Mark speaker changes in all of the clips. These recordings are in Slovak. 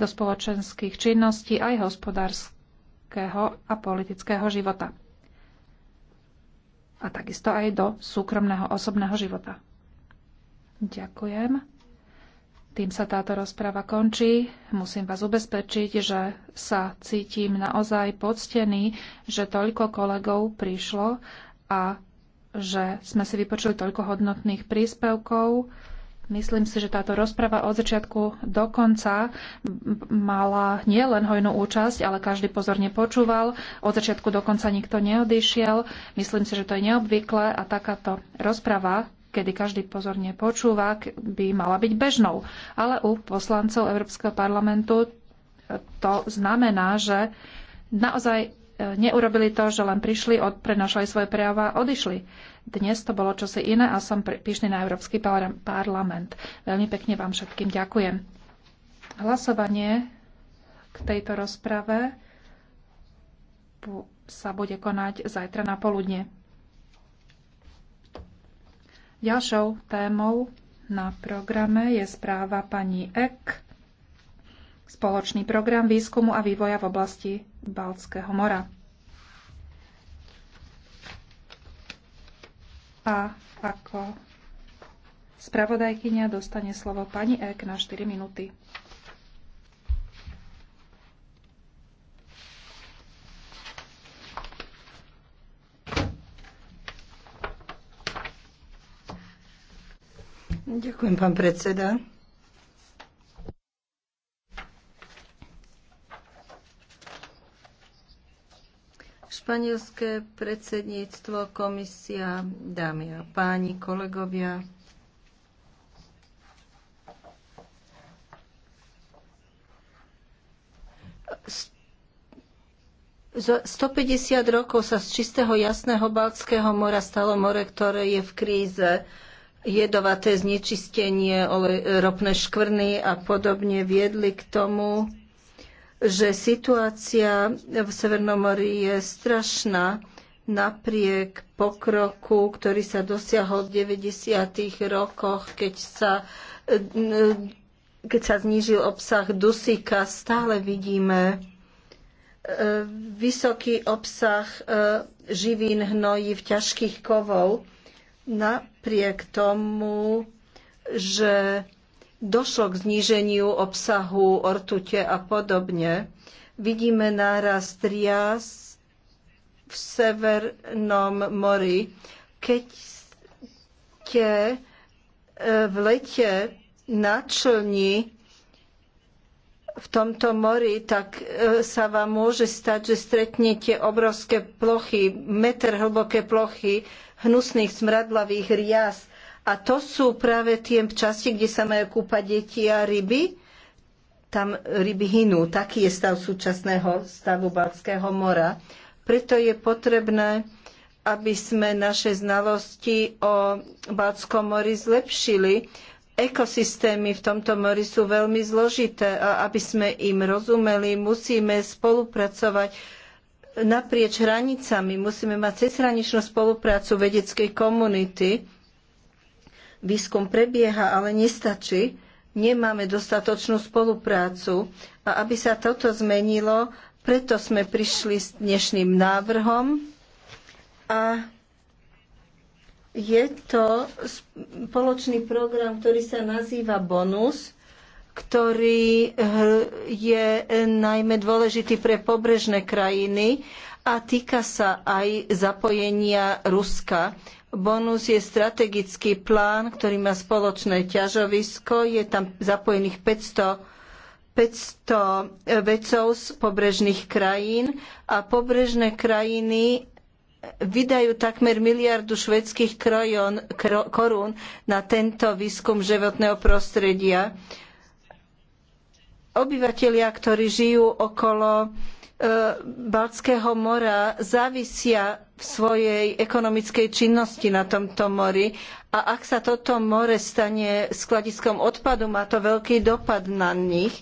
Speaker 1: do spoločenských činností aj hospodárskeho a politického života. A takisto aj do súkromného osobného života. Ďakujem. Tým sa táto rozpráva končí. Musím vás ubezpečiť, že sa cítim naozaj poctený, že toľko kolegov prišlo a že sme si vypočuli toľko hodnotných príspevkov. Myslím si, že táto rozprava od začiatku do konca mala nielen hojnú účasť, ale každý pozorne počúval. Od začiatku do konca nikto neodišiel. Myslím si, že to je neobvyklé a takáto rozprava kedy každý pozorne počúva, by mala byť bežnou. Ale u poslancov Európskeho parlamentu to znamená, že naozaj e, neurobili to, že len prišli, prenašali svoje prejava a odišli. Dnes to bolo čosi iné a som pyšný na Európsky parlament. Veľmi pekne vám všetkým ďakujem. Hlasovanie k tejto rozprave sa bude konať zajtra na poludne. Ďalšou témou na programe je správa pani Ek, spoločný program výskumu a vývoja v oblasti Baltského mora. A ako spravodajkynia dostane slovo pani Ek na 4 minúty.
Speaker 2: Ďakujem, pán predseda. Španielské predsedníctvo, komisia, dámy a páni, kolegovia. Zo 150 rokov sa z čistého jasného Baltského mora stalo more, ktoré je v kríze jedovaté znečistenie, ropné škvrny a podobne viedli k tomu, že situácia v Severnom mori je strašná napriek pokroku, ktorý sa dosiahol v 90. rokoch, keď sa, keď sa znížil obsah dusíka, stále vidíme e, vysoký obsah e, živín hnojí v ťažkých kovov. Napriek tomu, že došlo k zníženiu obsahu ortute a podobne. Vidíme náraz trias v Severnom mori, keď ste e, v lete na člni v tomto mori, tak e, sa vám môže stať, že stretnete obrovské plochy, meter hlboké plochy hnusných smradlavých rias a to sú práve tie časti, kde sa majú kúpať deti a ryby. Tam ryby hynú. Taký je stav súčasného stavu Balckého mora. Preto je potrebné, aby sme naše znalosti o Balckom mori zlepšili. Ekosystémy v tomto mori sú veľmi zložité a aby sme im rozumeli, musíme spolupracovať naprieč hranicami, musíme mať cezhraničnú spoluprácu vedeckej komunity Výskum prebieha, ale nestačí. Nemáme dostatočnú spoluprácu. A aby sa toto zmenilo, preto sme prišli s dnešným návrhom a je to spoločný program, ktorý sa nazýva Bonus, ktorý eh, je eh, najmä dôležitý pre pobrežné krajiny a týka sa aj zapojenia Ruska Bonus je strategický plán, ktorý má spoločné ťažovisko. Je tam zapojených 500, 500 e, vedcov z pobrežných krajín a pobrežné krajiny vydajú takmer miliardu švedských korún na tento výskum životného prostredia. Obyvatelia, ktorí žijú okolo e, Baltského mora, závisia svojej ekonomickej činnosti na tomto mori. A ak sa toto more stane skladiskom odpadu, má to veľký dopad na nich.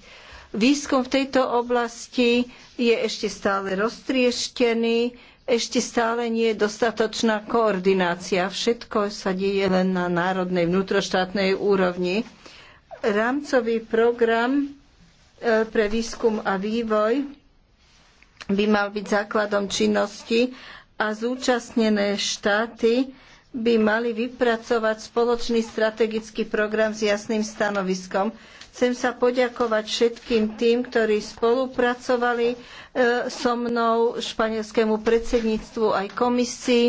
Speaker 2: Výskum v tejto oblasti je ešte stále roztrieštený, ešte stále nie je dostatočná koordinácia. Všetko sa deje len na národnej vnútroštátnej úrovni. Rámcový program e, pre výskum a vývoj by mal byť základom činnosti a zúčastnené štáty by mali vypracovať spoločný strategický program s jasným stanoviskom. Chcem sa poďakovať všetkým tým, ktorí spolupracovali e, so mnou, španielskému predsedníctvu aj komisii,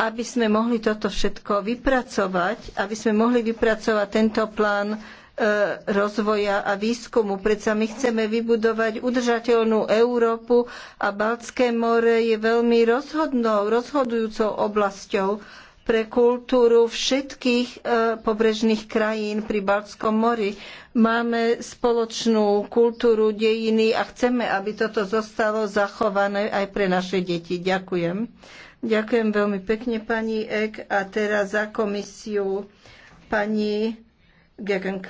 Speaker 2: aby sme mohli toto všetko vypracovať, aby sme mohli vypracovať tento plán E, rozvoja a výskumu. Predsa my chceme vybudovať udržateľnú Európu a Baltské more je veľmi rozhodnou, rozhodujúcou oblasťou pre kultúru všetkých e, pobrežných krajín pri Baltskom mori. Máme spoločnú kultúru, dejiny a chceme, aby toto zostalo zachované aj pre naše deti. Ďakujem. Ďakujem veľmi pekne, pani Ek. A teraz za komisiu pani Gegen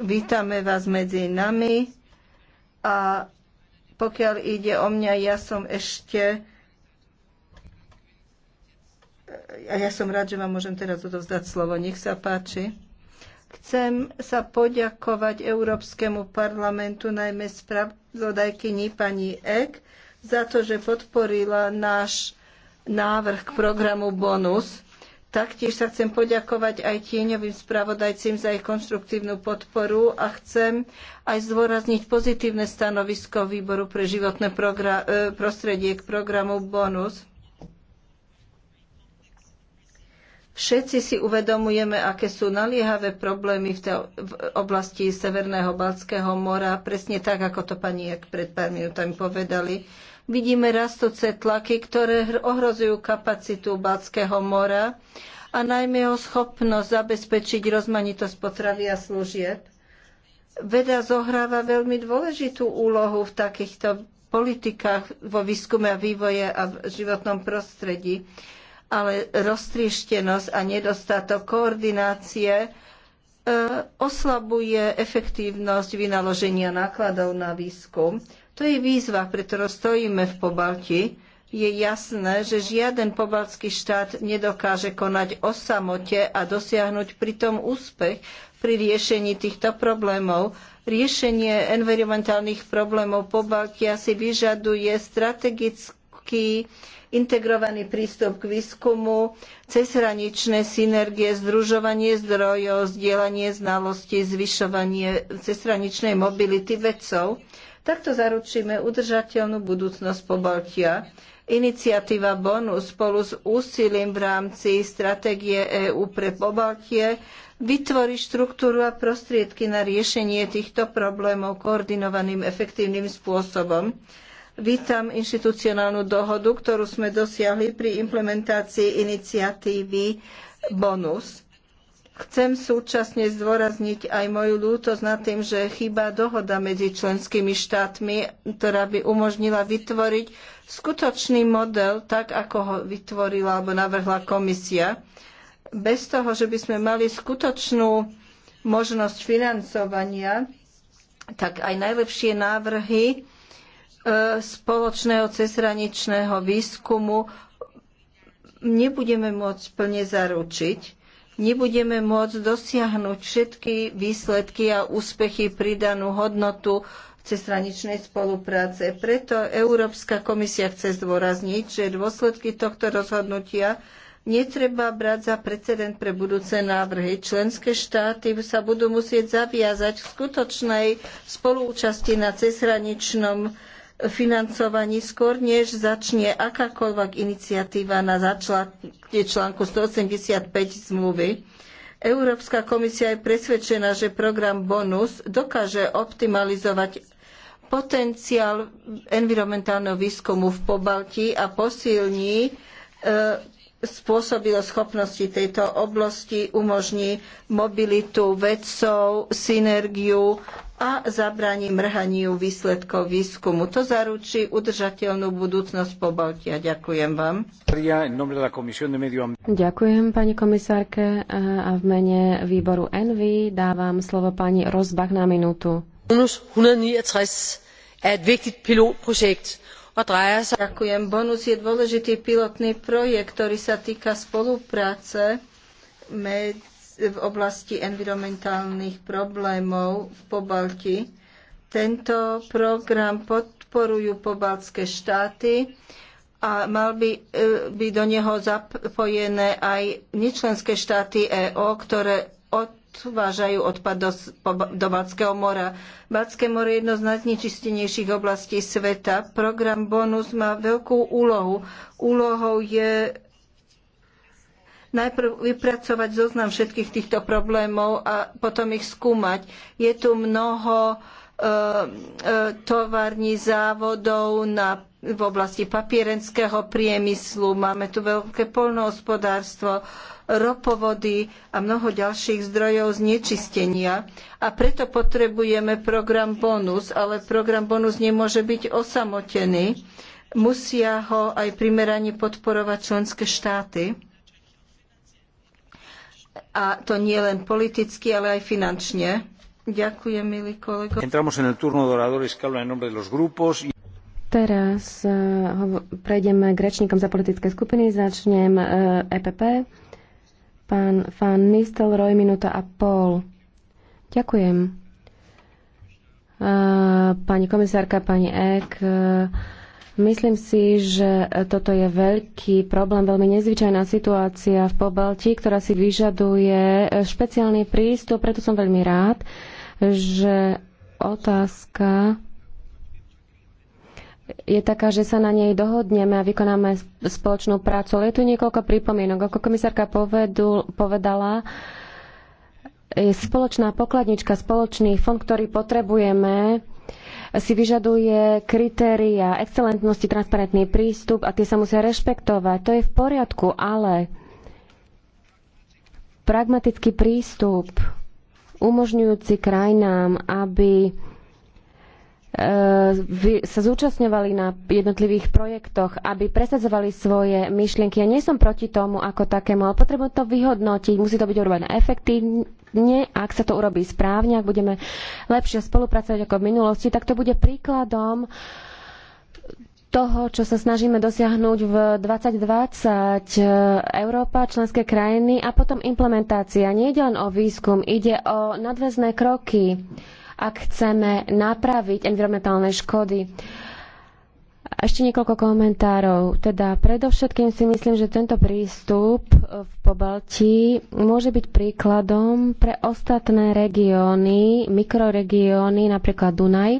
Speaker 2: Vítame vás medzi nami a pokiaľ ide o mňa, ja som ešte a ja som rád, že vám môžem teraz odovzdať slovo. Nech sa páči. Chcem sa poďakovať Európskemu parlamentu, najmä spravodajkyni pani Ek, za to, že podporila náš návrh k programu Bonus. Taktiež sa chcem poďakovať aj tieňovým spravodajcím za ich konštruktívnu podporu a chcem aj zdôrazniť pozitívne stanovisko Výboru pre životné e, prostredie k programu Bonus. Všetci si uvedomujeme, aké sú naliehavé problémy v, te, v oblasti Severného Balckého mora, presne tak, ako to pani jak pred pár minútami povedali. Vidíme rastúce tlaky, ktoré ohrozujú kapacitu Balckého mora a najmä jeho schopnosť zabezpečiť rozmanitosť potravy a služieb. Veda zohráva veľmi dôležitú úlohu v takýchto politikách vo výskume a vývoje a v životnom prostredí, ale roztrieštenosť a nedostatok koordinácie e, oslabuje efektívnosť vynaloženia nákladov na výskum. To je výzva, pre ktorou stojíme v Pobalti. Je jasné, že žiaden pobaltský štát nedokáže konať o samote a dosiahnuť pritom úspech pri riešení týchto problémov. Riešenie environmentálnych problémov Pobaltia si vyžaduje strategický integrovaný prístup k výskumu, cezhraničné synergie, združovanie zdrojov, zdieľanie znalostí, zvyšovanie cezhraničnej mobility vedcov. Takto zaručíme udržateľnú budúcnosť Pobaltia. Iniciatíva Bonus spolu s úsilím v rámci stratégie EÚ pre Pobaltie vytvorí štruktúru a prostriedky na riešenie týchto problémov koordinovaným efektívnym spôsobom. Vítam inštitucionálnu dohodu, ktorú sme dosiahli pri implementácii iniciatívy Bonus Chcem súčasne zdôrazniť aj moju lútosť nad tým, že chýba dohoda medzi členskými štátmi, ktorá by umožnila vytvoriť skutočný model, tak ako ho vytvorila alebo navrhla komisia. Bez toho, že by sme mali skutočnú možnosť financovania, tak aj najlepšie návrhy e, spoločného cezhraničného výskumu nebudeme môcť plne zaručiť nebudeme môcť dosiahnuť všetky výsledky a úspechy pridanú hodnotu cezhraničnej spolupráce. Preto Európska komisia chce zdôrazniť, že dôsledky tohto rozhodnutia netreba brať za precedent pre budúce návrhy. Členské štáty sa budú musieť zaviazať k skutočnej spolúčasti na cezhraničnom financovaní skôr, než začne akákoľvek iniciatíva na začatie článku 185 zmluvy. Európska komisia je presvedčená, že program BONUS dokáže optimalizovať potenciál environmentálneho výskumu v Pobalti a posilní e, spôsobilo schopnosti tejto oblasti, umožní mobilitu vedcov, synergiu a zabráni mrhaniu výsledkov výskumu. To zaručí udržateľnú budúcnosť po Baltia. Ďakujem vám.
Speaker 3: Ďakujem pani komisárke a v mene výboru Envy dávam slovo pani Rozbach na minútu.
Speaker 2: 169 er pilotprojekt Ďakujem. Bonus je dôležitý pilotný projekt, ktorý sa týka spolupráce medzi v oblasti environmentálnych problémov v Pobalti. Tento program podporujú pobaltské štáty a mal by e, byť do neho zapojené aj nečlenské štáty EO, ktoré odvážajú odpad do, do Balckého mora. Balcké more je jedno z najznečistenejších oblastí sveta. Program Bonus má veľkú úlohu. Úlohou je najprv vypracovať zoznam všetkých týchto problémov a potom ich skúmať. Je tu mnoho e, e, tovární závodov na, v oblasti papierenského priemyslu, máme tu veľké poľnohospodárstvo, ropovody a mnoho ďalších zdrojov znečistenia. A preto potrebujeme program bonus, ale program bonus nemôže byť osamotený. Musia ho aj primerane podporovať členské štáty a to nie len politicky, ale aj finančne. Ďakujem, milí kolego.
Speaker 1: Entramos en el turno de oradores que hablan en nombre de los grupos.
Speaker 3: Teraz uh, prejdeme k rečníkom za politické skupiny. Začnem uh, eh, EPP. Pán, Van Nistelroj, minúta a pol. Ďakujem. Uh, pani komisárka, pani Ek, uh, Myslím si, že toto je veľký problém, veľmi nezvyčajná situácia v Pobalti, ktorá si vyžaduje špeciálny prístup. Preto som veľmi rád, že otázka je taká, že sa na nej dohodneme a vykonáme spoločnú prácu. Ale je tu niekoľko pripomienok. Ako komisárka povedu, povedala, je spoločná pokladnička, spoločný fond, ktorý potrebujeme si vyžaduje kritéria excelentnosti, transparentný prístup a tie sa musia rešpektovať. To je v poriadku, ale pragmatický prístup umožňujúci krajinám, aby Eh, sa zúčastňovali na jednotlivých projektoch, aby presadzovali svoje myšlienky. Ja nie som proti tomu ako takému, ale potrebujem to vyhodnotiť. Musí to byť urobené efektívne. Ak sa to urobí správne, ak budeme lepšie spolupracovať ako v minulosti, tak to bude príkladom toho, čo sa snažíme dosiahnuť v 2020 eh, Európa, členské krajiny a potom implementácia. Nie ide len o výskum, ide o nadväzné kroky ak chceme napraviť environmentálne škody. Ešte niekoľko komentárov. Teda predovšetkým si myslím, že tento prístup v Pobalti môže byť príkladom pre ostatné regióny, mikroregióny, napríklad Dunaj.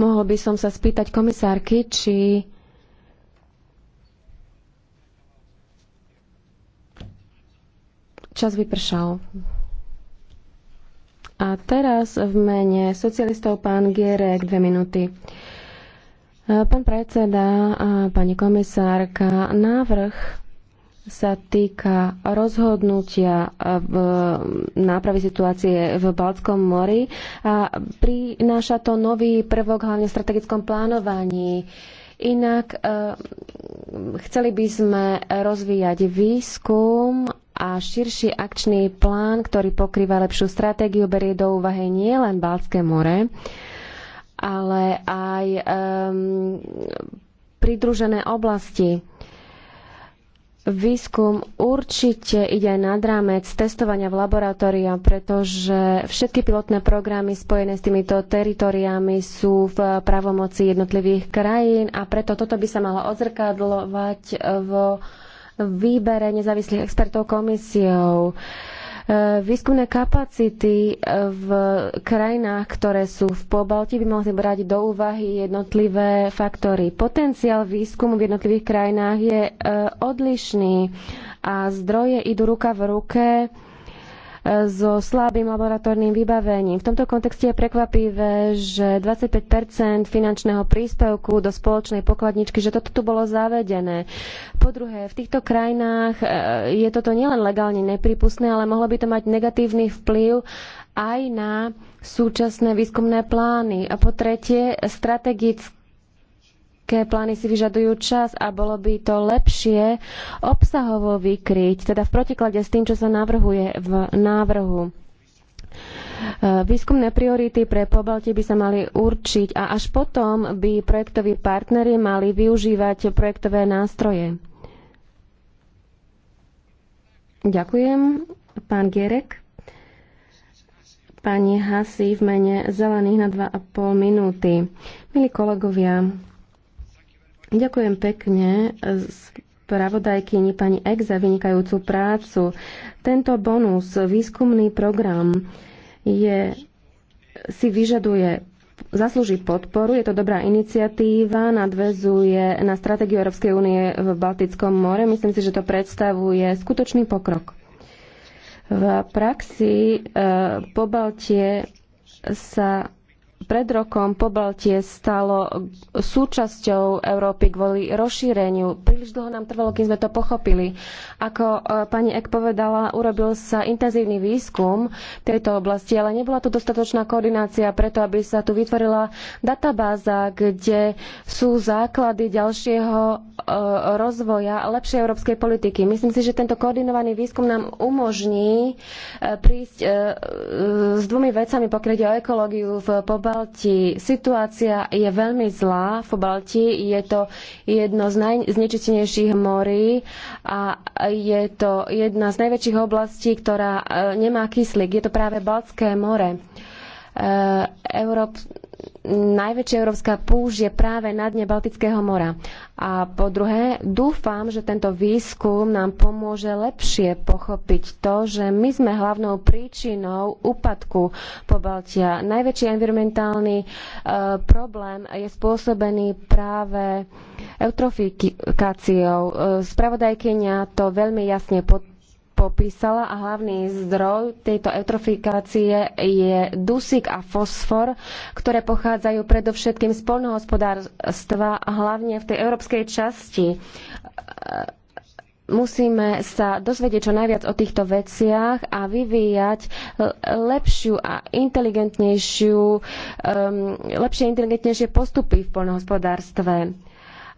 Speaker 3: Mohol by som sa spýtať komisárky, či čas vypršal. A teraz v mene socialistov pán Gierek, dve minúty. E, pán predseda a pani komisárka, návrh sa týka rozhodnutia e, v náprave situácie v Baltskom mori a prináša to nový prvok hlavne v strategickom plánovaní. Inak e, chceli by sme rozvíjať výskum a širší akčný plán, ktorý pokrýva lepšiu stratégiu, berie do úvahy nielen Baltské more, ale aj um, pridružené oblasti. Výskum určite ide aj nad rámec testovania v laboratóriu, pretože všetky pilotné programy spojené s týmito teritoriami sú v pravomoci jednotlivých krajín a preto toto by sa malo odzrkadlovať vo výbere nezávislých expertov komisiou e, výskumné kapacity e, v krajinách, ktoré sú v pobalti, by mohli brať do úvahy jednotlivé faktory. Potenciál výskumu v jednotlivých krajinách je e, odlišný a zdroje idú ruka v ruke so slabým laboratórnym vybavením. V tomto kontexte je prekvapivé, že 25 finančného príspevku do spoločnej pokladničky, že toto tu bolo zavedené. Po druhé, v týchto krajinách e, je toto nielen legálne nepripustné, ale mohlo by to mať negatívny vplyv aj na súčasné výskumné plány. A po tretie, strategické strategické plány si vyžadujú čas a bolo by to lepšie obsahovo vykryť, teda v protiklade s tým, čo sa navrhuje v návrhu. E, výskumné priority pre Pobaltie by sa mali určiť a až potom by projektoví partnery mali využívať projektové nástroje. Ďakujem. Pán Gierek. Pani Hasi v mene Zelených na 2,5 minúty. Milí kolegovia, Ďakujem pekne e, spravodajkyni pani Ek za vynikajúcu prácu. Tento bonus, výskumný program, je, si vyžaduje zaslúži podporu. Je to dobrá iniciatíva, nadvezuje na stratégiu Európskej únie v Baltickom more. Myslím si, že to predstavuje skutočný pokrok. V praxi e, po Baltie sa pred rokom Pobaltie stalo súčasťou Európy kvôli rozšíreniu. Príliš dlho nám trvalo, kým sme to pochopili. Ako e, pani Ek povedala, urobil sa intenzívny výskum tejto oblasti, ale nebola tu dostatočná koordinácia preto, aby sa tu vytvorila databáza, kde sú základy ďalšieho e, rozvoja lepšej európskej politiky. Myslím si, že tento koordinovaný výskum nám umožní e, prísť s dvomi vecami, pokiaľ ide o ekológiu v Pobaltie Pobalti situácia je veľmi zlá. V Pobalti je to jedno z najznečistenejších morí a je to jedna z najväčších oblastí, ktorá e, nemá kyslík. Je to práve Baltské more. E, najväčšia európska púž je práve na dne Baltického mora. A po druhé, dúfam, že tento výskum nám pomôže lepšie pochopiť to, že my sme hlavnou príčinou úpadku po Baltia. Najväčší environmentálny e, problém je spôsobený práve eutrofikáciou. E, spravodajkenia to veľmi jasne podporuje popísala a hlavný zdroj tejto eutrofikácie je dusík a fosfor, ktoré pochádzajú predovšetkým z poľnohospodárstva, hlavne v tej európskej časti. Musíme sa dozvedieť čo najviac o týchto veciach a vyvíjať lepšiu a inteligentnejšiu, um, lepšie inteligentnejšie postupy v poľnohospodárstve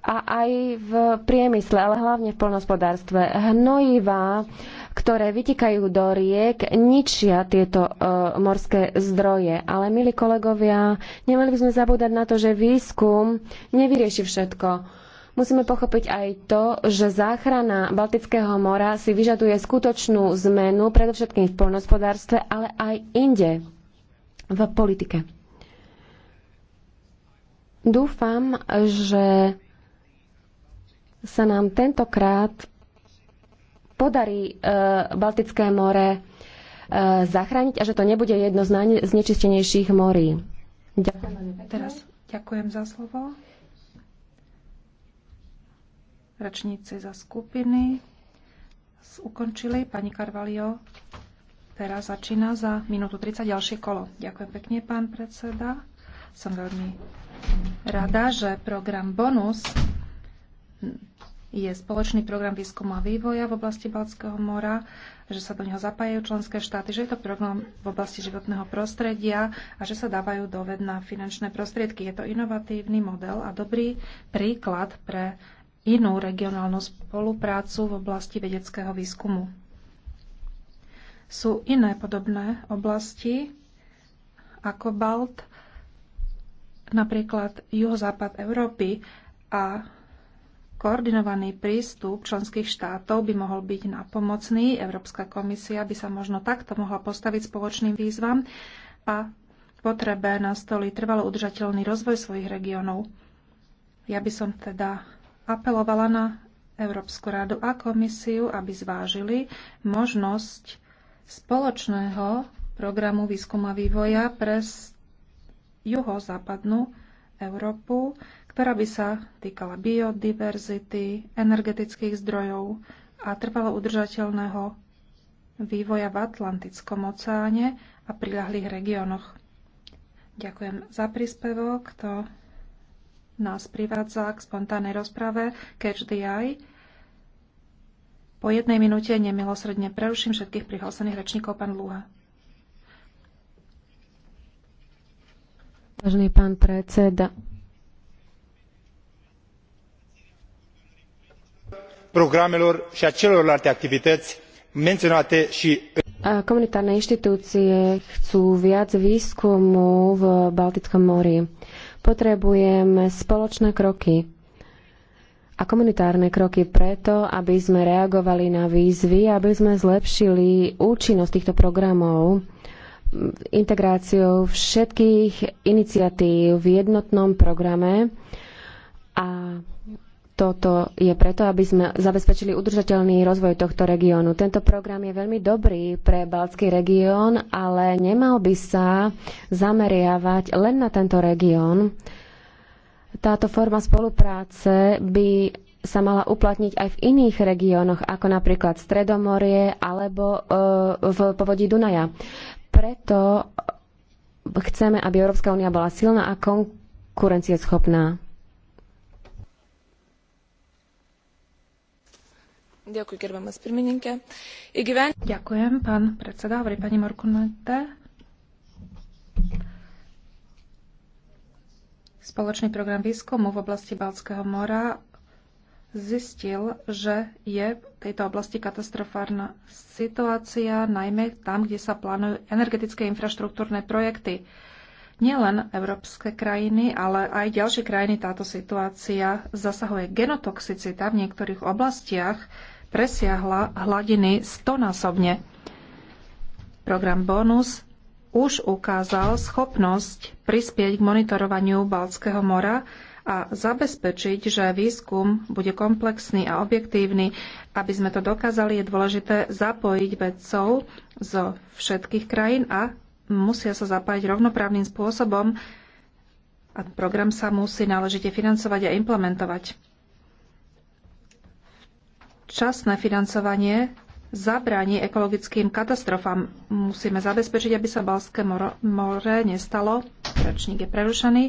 Speaker 3: a aj v priemysle, ale hlavne v poľnohospodárstve. Hnojivá ktoré vytikajú do riek, ničia tieto e, morské zdroje. Ale, milí kolegovia, nemali by sme zabúdať na to, že výskum nevyrieši všetko. Musíme pochopiť aj to, že záchrana Baltického mora si vyžaduje skutočnú zmenu, predovšetkým v poľnohospodárstve, ale aj inde v politike. Dúfam, že sa nám tentokrát podarí e, Baltické more e, zachrániť a že to nebude jedno z znečistenejších morí.
Speaker 1: Ďakujem. Teraz ďakujem za slovo. Rečníci za skupiny ukončili. Pani Karvalio teraz začína za minútu 30 ďalšie kolo. Ďakujem pekne, pán predseda. Som veľmi rada, že program Bonus je spoločný program výskumu a vývoja v oblasti Balckého mora, že sa do neho zapájajú členské štáty, že je to program v oblasti životného prostredia a že sa dávajú do vedna finančné prostriedky. Je to inovatívny model a dobrý príklad pre inú regionálnu spoluprácu v oblasti vedeckého výskumu. Sú iné podobné oblasti ako Balt, napríklad juhozápad Európy a Koordinovaný prístup členských štátov by mohol byť napomocný. Európska komisia by sa možno takto mohla postaviť spoločným výzvam a potrebe na stoli trvalo udržateľný rozvoj svojich regiónov. Ja by som teda apelovala na Európsku radu a komisiu, aby zvážili možnosť spoločného programu výskuma vývoja pre juhozápadnú Európu, ktorá by sa týkala biodiverzity, energetických zdrojov a trvalo udržateľného vývoja v Atlantickom oceáne a priľahlých regiónoch. Ďakujem za príspevok, to nás privádza k spontánnej rozprave Catch the Eye. Po jednej minúte nemilosredne preruším všetkých prihlásených rečníkov, pán Lúha.
Speaker 3: Vážený pán predseda,
Speaker 2: programelor i a celorlalte activităi menionate i
Speaker 3: Komunitárne inštitúcie chcú viac výskumu v Baltickom mori. Potrebujeme spoločné kroky a komunitárne kroky preto, aby sme reagovali na výzvy, aby sme zlepšili účinnosť týchto programov integráciou všetkých iniciatív v jednotnom programe a toto je preto, aby sme zabezpečili udržateľný rozvoj tohto regiónu. Tento program je veľmi dobrý pre Balcký región, ale nemal by sa zameriavať len na tento región. Táto forma spolupráce by sa mala uplatniť aj v iných regiónoch, ako napríklad Stredomorie alebo e, v povodí Dunaja. Preto chceme, aby Európska únia bola silná a konkurencieschopná.
Speaker 1: Ďakujem, gerbiamas pirmininkė. Ďakujem, pán predseda, hovorí pani Morkunete. Spoločný program výskumu v oblasti Balckého mora zistil, že je v tejto oblasti katastrofárna situácia, najmä tam, kde sa plánujú energetické infraštruktúrne projekty. Nielen európske krajiny, ale aj ďalšie krajiny táto situácia zasahuje. Genotoxicita v niektorých oblastiach presiahla hladiny stonásobne. Program Bonus už ukázal schopnosť prispieť k monitorovaniu Baltského mora a zabezpečiť, že výskum bude komplexný a objektívny. Aby sme to dokázali, je dôležité zapojiť vedcov zo všetkých krajín a musia sa zapájať rovnoprávnym spôsobom a program sa musí náležite financovať a implementovať včasné financovanie zabráni ekologickým katastrofám. Musíme zabezpečiť, aby sa Balské more nestalo. Rečník je prerušený.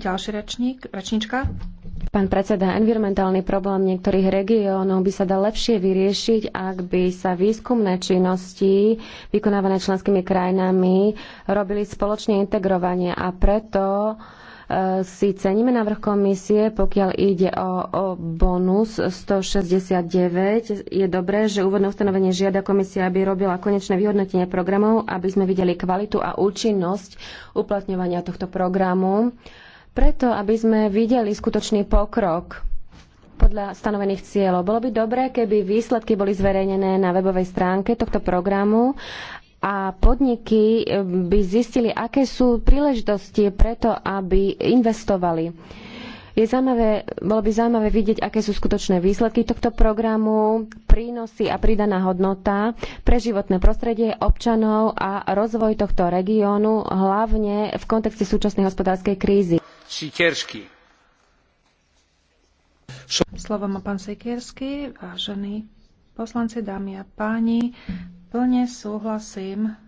Speaker 1: Ďalší rečník, rečníčka.
Speaker 3: Pán predseda, environmentálny problém niektorých regiónov by sa dal lepšie vyriešiť, ak by sa výskumné činnosti vykonávané členskými krajinami robili spoločne integrovanie a preto uh, Eh, si ceníme návrh komisie, pokiaľ ide o, o bonus 169. Je dobré, že úvodné ustanovenie žiada komisia, aby robila konečné vyhodnotenie programov, aby sme videli kvalitu a účinnosť uplatňovania tohto programu, preto aby sme videli skutočný pokrok podľa stanovených cieľov. Bolo by dobré, keby výsledky boli zverejnené na webovej stránke tohto programu a podniky eh, by zistili, aké sú príležitosti preto, aby investovali. Je zaujímavé, bolo by zaujímavé vidieť, aké sú skutočné výsledky tohto programu, prínosy a pridaná hodnota pre životné prostredie občanov a rozvoj tohto regiónu, hlavne v kontexte súčasnej hospodárskej krízy.
Speaker 1: Sikersky. Slovo má pán Sikersky, vážení poslanci, dámy a páni. Plne súhlasím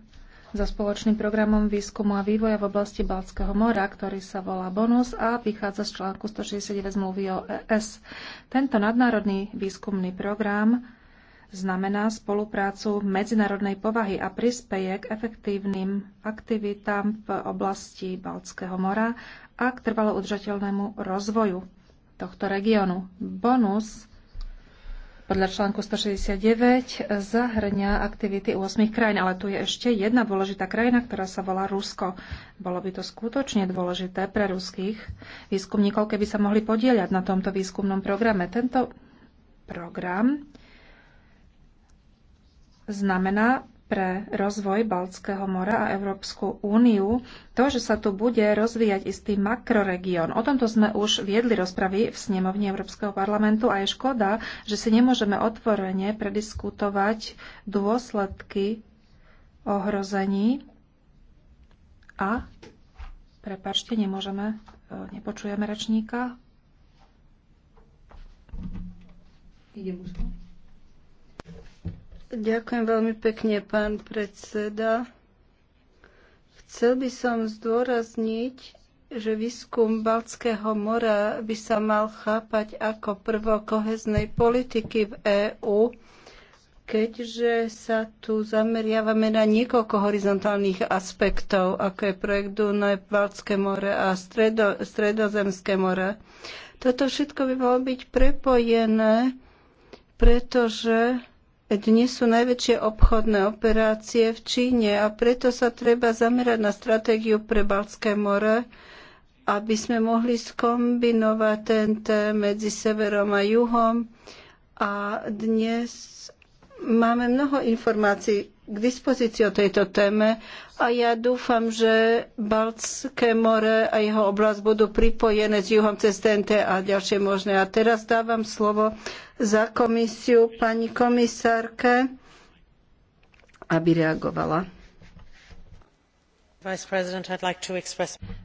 Speaker 1: so spoločným programom výskumu a vývoja v oblasti Balckého mora, ktorý sa volá BONUS a vychádza z článku 169 zmluvy o ES. Tento nadnárodný výskumný program znamená spoluprácu medzinárodnej povahy a prispeje k efektívnym aktivitám v oblasti Balckého mora a k trvalo udržateľnému rozvoju tohto regiónu. BONUS podľa článku 169 zahrňa aktivity 8 krajín, ale tu je ešte jedna dôležitá krajina, ktorá sa volá Rusko. Bolo by to skutočne dôležité pre ruských výskumníkov, keby sa mohli podieľať na tomto výskumnom programe. Tento program znamená pre rozvoj Baltského mora a Európsku úniu to, že sa tu bude rozvíjať istý makroregión. O tomto sme už viedli rozpravy v snemovni Európskeho parlamentu a je škoda, že si nemôžeme otvorene prediskutovať dôsledky ohrození a prepačte, nemôžeme, e, nepočujeme rečníka. Ide musím. Ďakujem veľmi pekne,
Speaker 2: pán predseda. Chcel by som zdôrazniť, že výskum Baltského mora by sa mal chápať ako prvo kohéznej politiky v EÚ, keďže sa tu zameriavame na niekoľko horizontálnych aspektov, ako je projekt Dunaj, Baltské more a Stredo, Stredozemské more. Toto všetko by malo byť prepojené, pretože dnes sú najväčšie obchodné operácie v Číne a preto sa treba zamerať na stratégiu pre Balské more, aby sme mohli skombinovať TNT medzi severom a juhom. A dnes máme mnoho informácií k dispozícii o tejto téme a ja dúfam, že Baltské more a jeho oblasť budú pripojené s juhom cez TNT a ďalšie možné. A teraz dávam slovo za komisiu pani komisárke, aby reagovala.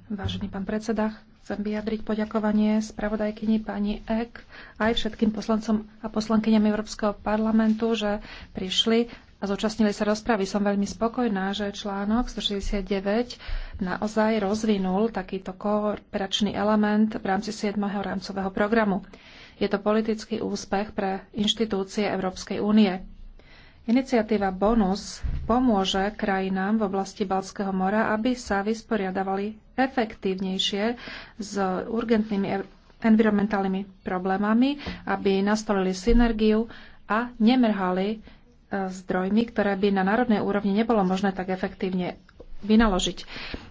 Speaker 1: Vážený pán predseda, chcem vyjadriť poďakovanie spravodajkyni pani Ek aj všetkým poslancom a poslankyňam Európskeho parlamentu, že prišli a zúčastnili sa rozpravy. Som veľmi spokojná, že článok 169 naozaj rozvinul takýto kooperačný element v rámci 7. rámcového programu. Je to politický úspech pre inštitúcie Európskej únie. Iniciatíva Bonus pomôže krajinám v oblasti Balského mora, aby sa vysporiadavali efektívnejšie s urgentnými e- environmentálnymi problémami, aby nastolili synergiu a nemrhali zdrojmi, ktoré by na národnej úrovni nebolo možné tak efektívne vynaložiť.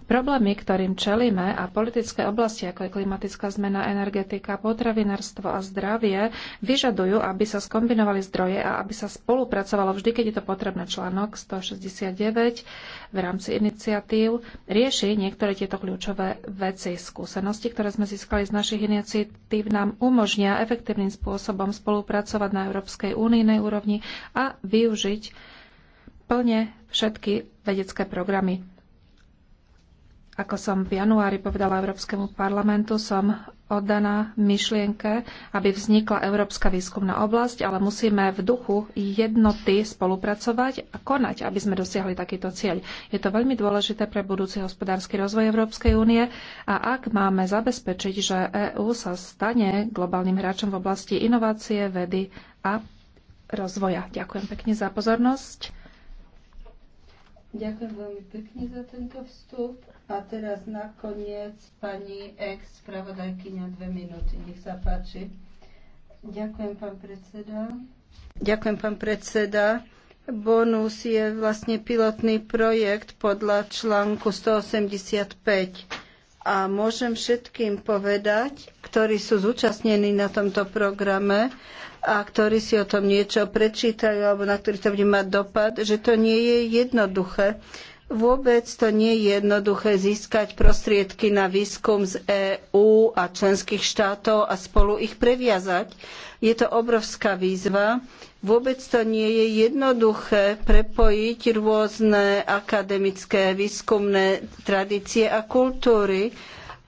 Speaker 1: Problémy, ktorým čelíme a politické oblasti, ako je klimatická zmena, energetika, potravinárstvo a zdravie, vyžadujú, aby sa skombinovali zdroje a aby sa spolupracovalo vždy, keď je to potrebné. Článok 169 v rámci iniciatív rieši niektoré tieto kľúčové veci. Skúsenosti, ktoré sme získali z našich iniciatív, nám umožnia efektívnym spôsobom spolupracovať na európskej únijnej úrovni a využiť plne všetky vedecké programy ako som v januári povedala Európskemu parlamentu, som oddaná myšlienke, aby vznikla Európska výskumná oblasť, ale musíme v duchu jednoty spolupracovať a konať, aby sme dosiahli takýto cieľ. Je to veľmi dôležité pre budúci hospodársky rozvoj Európskej únie a ak máme zabezpečiť, že EÚ sa stane globálnym hráčom v oblasti inovácie, vedy a rozvoja. Ďakujem pekne za pozornosť.
Speaker 2: Ďakujem veľmi pekne za tento vstup. A teraz nakoniec pani ex spravodajkyňa dve minúty. Nech sa páči. Ďakujem, pán predseda. Ďakujem, pán predseda. Bonus je vlastne pilotný projekt podľa článku 185 a môžem všetkým povedať, ktorí sú zúčastnení na tomto programe a ktorí si o tom niečo prečítajú alebo na ktorých to bude mať dopad, že to nie je jednoduché. Vôbec to nie je jednoduché získať prostriedky na výskum z EÚ a členských štátov a spolu ich previazať. Je to obrovská výzva Vôbec to nie je jednoduché prepojiť rôzne akademické výskumné tradície a kultúry.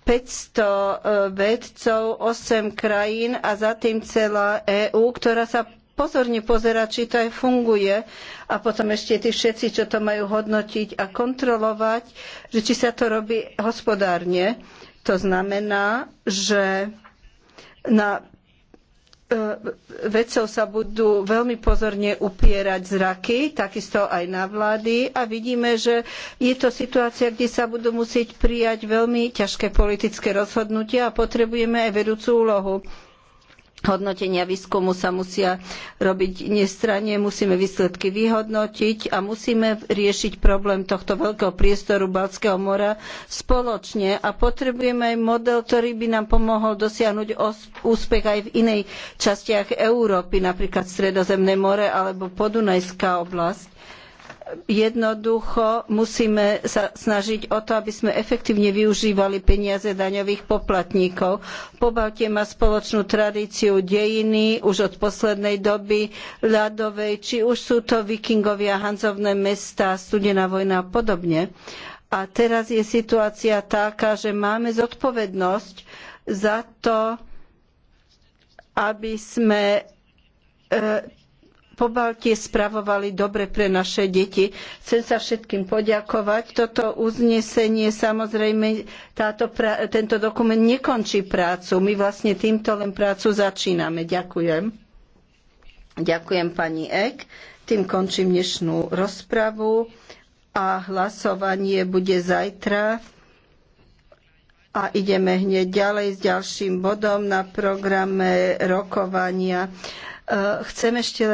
Speaker 2: 500 e, vedcov, 8 krajín a za tým celá EÚ, ktorá sa pozorne pozerá, či to aj funguje a potom ešte tí všetci, čo to majú hodnotiť a kontrolovať, že či sa to robí hospodárne. To znamená, že na E, vedcov sa budú veľmi pozorne upierať zraky, takisto aj na vlády a vidíme, že je to situácia, kde sa budú musieť prijať veľmi ťažké politické rozhodnutia a potrebujeme aj vedúcu úlohu hodnotenia výskumu sa musia robiť nestranne, musíme výsledky vyhodnotiť a musíme riešiť problém tohto veľkého priestoru Baltského mora spoločne a potrebujeme aj model, ktorý by nám pomohol dosiahnuť úspech aj v inej častiach Európy, napríklad Stredozemné more alebo Podunajská oblasť Jednoducho musíme sa snažiť o to, aby sme efektívne využívali peniaze daňových poplatníkov. Pobaltie má spoločnú tradíciu dejiny už od poslednej doby ľadovej, či už sú to vikingovia, hanzovné mestá, studená vojna a podobne. A teraz je situácia taká, že máme zodpovednosť za to, aby sme e, Pobaltie spravovali dobre pre naše deti. Chcem sa všetkým poďakovať. Toto uznesenie, samozrejme, táto, tento dokument nekončí prácu. My vlastne týmto len prácu začíname. Ďakujem. Ďakujem pani Ek. Tým končím dnešnú rozpravu a hlasovanie bude zajtra. A ideme hneď ďalej s ďalším bodom na programe rokovania. E, chcem ešte len